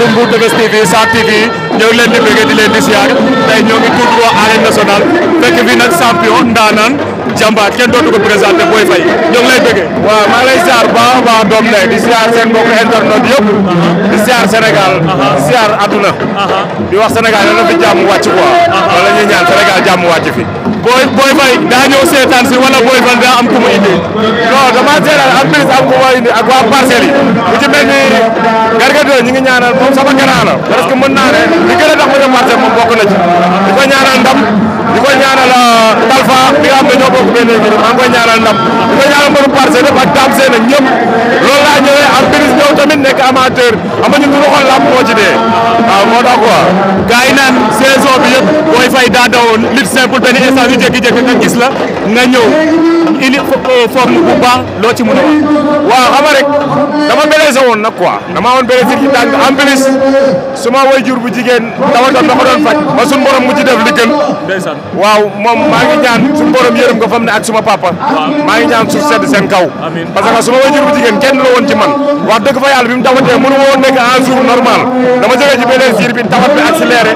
du Mbour 2STV Sa TV ñoo ngi leen di bëgg di leen di siyaar tey ñoo ngi tudd ko arène nationale fekk fi nag champion ndaanaan jàmbaar kenn dootu ko présenté Boy Faye ñoo ngi lay bëggee. waaw maa ngi lay ziar bu a di ziar seen mbokku di ziar Sénégal. Uh-huh. di uh-huh. di wax Sénégal yal na fi jàmm wàcc quoi. Uh-huh. wala ñuy ñaan Sénégal jàmm wàcc fi. Boy Boy Faye daa ñëw seetaan si wala Boy Faye daa am ku mu indi. non dama seetaan am plus am a mu a ak waa parcelles yi. bu ci mel ni gargaare ngi ñaanal moom sama gannaaw la. parce que mën naa ne li gën a tax nga xam ne ñoo bokk benn kii maa ngi koy ñaanal ndam di ko ñaanal mbiru parcelle ak Dame Sène ak ñëpp loolu laa ñëwee tamit nekk amateur am nañu lu xool lamb moo ci dee waaw moo tax quoi gars yi naan saison bi yëpp booy fay daa dawoon lutte simple te ni instant bi jékki-jékki nga gis la nga ñëw ili euh, forme bu baax loo ci mën a wax waaw xam nga rek dama blessé woon nag quoi dama woon blessé ci tànk en plus suma waajur bu jigéen tawatoon na ko doon faj ba suñu borom mu ci def li gën waaw moom maa ngi ñaan suñu borom yërëm nga fam ak suma papa maa ngi ñaan suuf sedd seen kaw parce que suma waajur bu jigéen kenn la woon ci man wax dëgg fa royal bi mu tawatee mënu woon nekk en jour normal dama jógee ci beneen jour bi tawat bi accéléré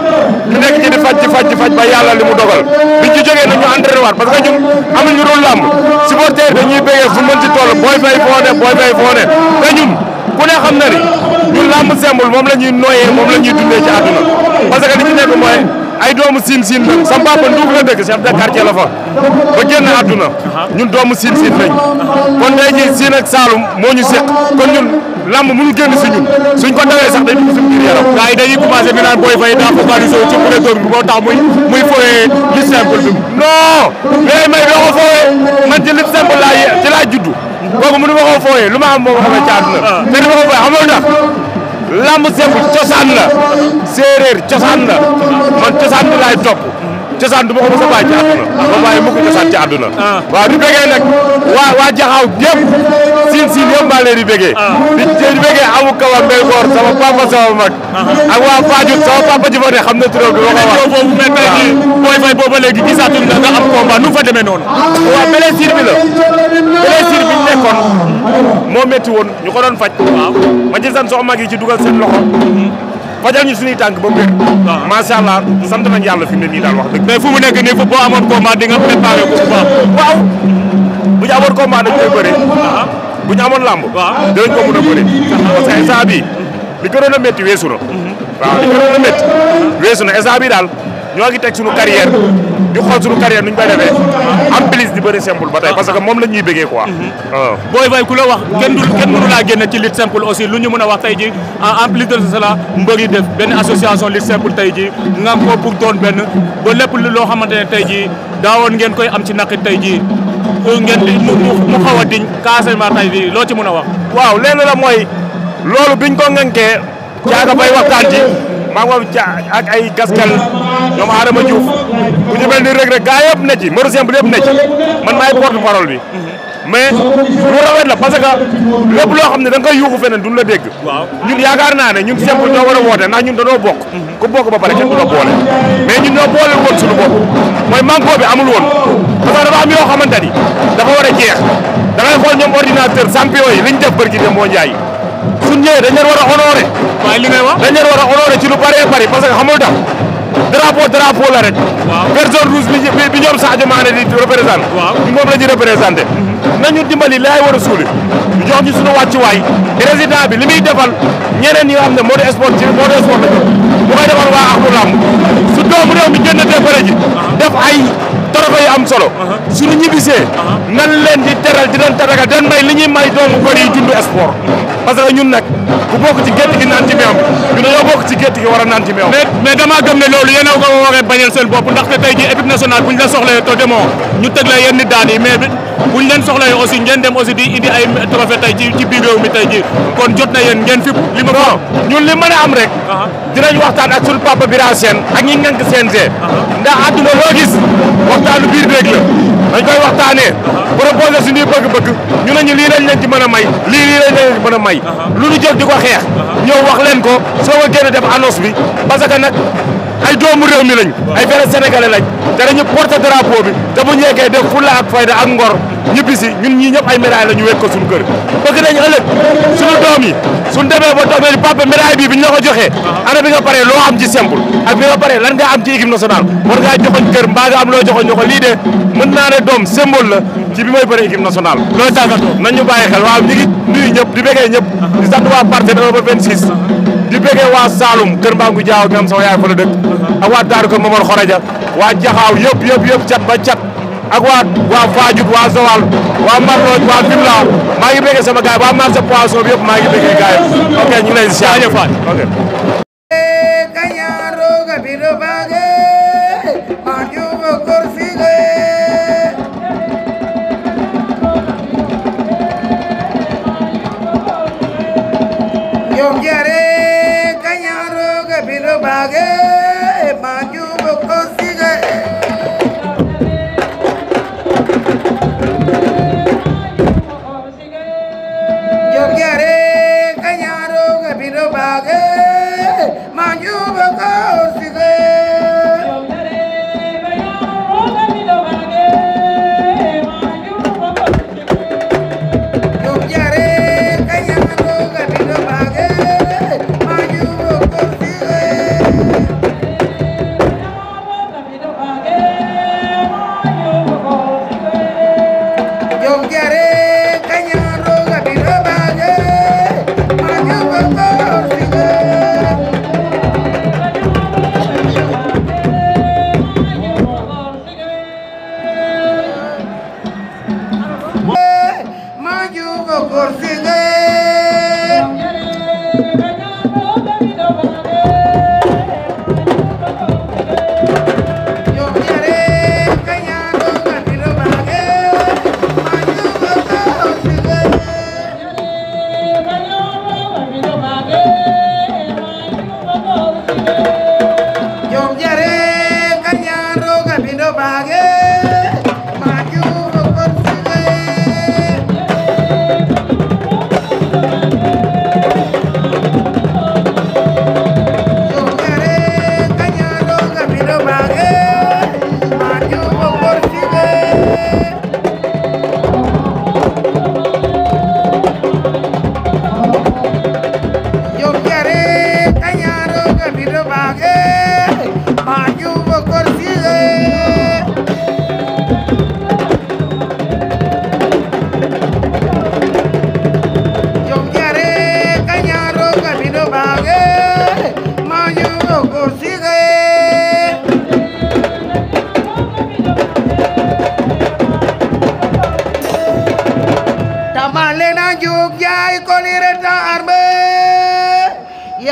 ñu nekk ci di faj ci faj ci faj ba yàlla li mu dogal bi ci jógee nag ñu entraîné waat parce que ñun amuñu rôle làmb supporter dañuy béggee fu mën ci booy fay foo booy fay foo ne ñun ku xam na ñun làmb sembul moom la ñuy noyee moom la ñuy dundee ci àdduna parce que li ci nekk mooy ay doomu siin siin lañ sama papa la dëkk chef de lamb mënu génn si ñun suñ ko dawee sax day dugg suñu biir yaram gars yi dañuy commencé di naan booy fay daa focalisé ci bëre dóor bi moo tax muy muy foyee li simple bi non yooyu may doo ko man ci li simple ci laa juddu kooku mënu ma koo foyee lu ma am moo ko xamee ci àdduna te li ma ko lamb simple cosaan la séeréer cosaan la man cosaan bi topp cosaan du ma ko mos ci àdduna ma bàyyi mu ko waa waa jaxaaw yëpp siin siin yëpp maa leen di bëggee ah. di di bëggee amu papa sama mag ak waa Fadiouth sama papa ji fa ne na turam bi ma ko boobu mais tey jii fay booba léegi gisaatuñ la nga am combat nu fa demee noonu waaw blessure bi la blessure bi ñu nekkoon moo métti woon ñu ko doon faj waaw ma ci san sox mag yi ci dugal seen loxo mm-hmm. fajal ñu suñuy tànk ba mu wér. waaw macha allah sant nañu yàlla fi mu ne nii daal wax dëgg. mais fu mu nekk nii boo amoon combat di nga préparé ko bu baax. waaw bu ñu amoon combat dañ koy bëri. Ah. bu ñu amoon làmb. waaw dinañ ko mën a bëri. parce que instant bii li gënoon a métti weesu na. Mhm. waaw li gënoon a métti weesu na instant bii daal. ñoo ngi teg suñu carrière di xool suñu carrière nu ñu koy defee en di bëri simple ba tey parce que moom la ñuy bëggee quoi mhm. waaw booy fay ku la wax kenn du kenn a wax tey ji ko loo xamante ne am ci naqit tey ji ngeen mu xaw a diñ carrément tey ji loo ci mën a wax waaw léegi la mooy loolu biñ ko ngënkee caaga bay waxtaan ci maa ngi ak ay gaskal ñoom Adama Diouf ku ci mel ni rek rek gaa yëpp ne ci mbëru simple yëpp ne ci man maay porte parole bi. mais lu rafet la parce que lépp loo xam ne da koy yuuxu feneen duñ la dégg. ñun yaakaar naa ne ñun simple ñoo war a woote naa ñun dañoo bokk. ku bokk ba pare kenn du la boole. mais ñun ñoo boole woon suñu bopp mooy manko bi amul woon parce dafa am yoo xamante ni dafa war a jeex da ngay xool ñoom ordinateur champion yi liñ def barki dem moo njaay. suñ ñëwee wara honore war a wa waaye wara honore ci lu bëree bëri parce que xamul da drapeau drapeau la rek. waaw personne rouge bi bi ñom Sadio Mané di représenter waaw moom la ñuy représenté. nañu dimbali lay wara soule ñu jox ñu suñu way président bi li defal ñeneen ñi amne xam mode sport ci mode sport la ñu bu koy defal wa Axlu lam su doom rew mi génn defare ji def ay torofa yu am solo suñu ñibisé nan leen di téral di leen tatagal den may li ñuy may doom ko di dund sport parce que ñun nag ku bokk ci gétt gi naan ñu dañoo bokk ci gétt gi war a naan ci meewam. mais mais damaa gëm ne loolu yéen a ko waxee bañal seen bopp ndaxte tey jii équipe nationale bu ñu la soxlee to demoo ñu tëj la yenn daan yi mais buñ leen soxla yi aussi ngeen dem aussi di indi ay trophée tey ci ci biir réew mi tey kon jot na yéen ngeen fi li ma ko ñun li mën a am rek dinañ waxtaan ak suñu papa Birane Sène ak ñi ngànk CNG ndax àdduna loo gis waxtaanu biir beeg la dañ koy waxtaanee proposé suñuy bëgg-bëgg ñu ne ñu lii lañ leen ci mën a may lii lañ leen ci mën may lu ñu jóg di ko xeex ñëw wax leen ko soo ko génn def annonce bi parce que nag ay doomu réew mi lañ ay vrai sénégalais lañ danañu porter drapeau bi te bu ñu def fulla fayda ak ngor ñibbisi ñun ñi ñëpp ay médaille la ñu wekk ko suñu kër bëgg nañu ëllëg suñu doom yi suñu demee ba toog nañu papa médaille bi bi ñu la ko joxee ana bi nga paree loo am ci simple ak bi nga paree lan nga am ci équipe nationale war ngaa joxoñ kër mbaa nga am loo joxoñ ñu ko lii de mën naa doom symbole la ci bi may bëre équipe nationale loolu tàggatoo nañ bàyyi xel waaw ñu ngi nuyu ñëpp di di bëggee waa Saloum kër Mbangu Diaw ñoom sama yaay fa la dëkk ak waa Daaru Kër Momar Xoraja waa Jaxaaw yëpp yëpp yëpp cat ba cat ak waa waa Fadiouth waa Zawal waa Marlooj waa Fimela maa ngi bëggee sama gaay waa marché poisson bi yëpp maa ngi bëggee gaay ok ñu ngi lay siyaare Faat ok kañaarooga Bhage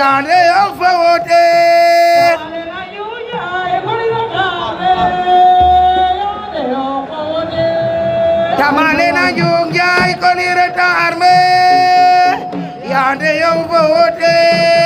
yàrá yóò fọwọ́ dé. Tamale na yande yom vote.